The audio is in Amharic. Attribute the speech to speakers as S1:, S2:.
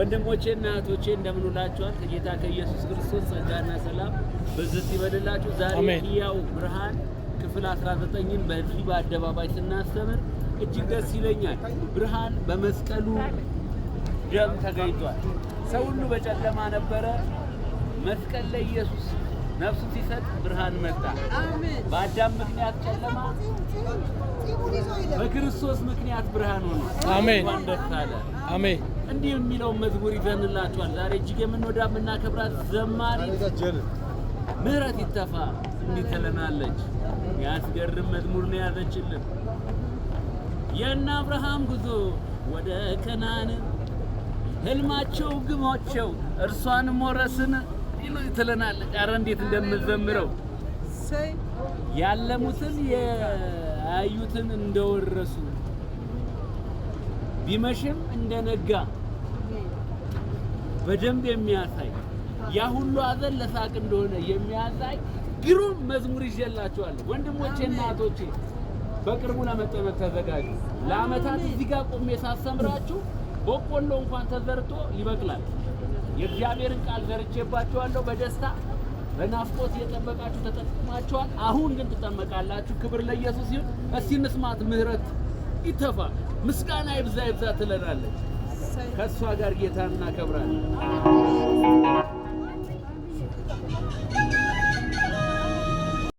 S1: ወንድሞቼና እህቶቼ እንደምንውላችኋል። ከጌታ ከኢየሱስ ክርስቶስ ጸጋና ሰላም በዚህ ይበልላችሁ። ዛሬ ሕያው ብርሃን ክፍል 19ን በዚህ በአደባባይ ስናስተምር እጅግ ደስ ይለኛል። ብርሃን በመስቀሉ ደም ተገኝቷል። ሰው ሁሉ በጨለማ ነበረ። መስቀል ላይ ኢየሱስ ነፍሱን ሲሰጥ ብርሃን መጣ። በአዳም ምክንያት ጨለማ በክርስቶስ ምክንያት ብርሃን ሆኖ አሜን አለ አሜን። እንዲህ የሚለውን መዝሙር ይዘንላችኋል። ዛሬ እጅግ የምንወዳ የምናከብራት ዘማሪ ምህረት ይተፋ እንዲህ ትለናለች። ያስገርም መዝሙር ነው ያዘችልን። የእነ አብርሃም ጉዞ ወደ ከናን ህልማቸው ግባቸው እርሷንም ወረስን ትለናለች። አረ እንዴት እንደምዘምረው ያለሙትን ያዩትን እንደወረሱ ቢመሽም እንደነጋ በደንብ የሚያሳይ ያ ሁሉ ሐዘን ለሳቅ እንደሆነ የሚያሳይ ግሩም መዝሙር ይዤላችኋለሁ። ወንድሞቼና እህቶቼ በቅርቡ ለመጠመቅ ተዘጋጁ። ለአመታት እዚህ ጋር ቆሜ ሳሰምራችሁ በቆሎ እንኳን ተዘርቶ ይበቅላል። የእግዚአብሔርን ቃል ዘርቼባችኋለሁ በደስታ በናፍቆት እየጠበቃችሁ ተጠቅማችኋል። አሁን ግን ትጠመቃላችሁ። ክብር ለኢየሱስ ይሁን። እስቲ እንስማት። ምህረት ይተፋ ምስጋና ይብዛ ይብዛ ትለናለች። ከእሷ ጋር ጌታ እናከብራለን።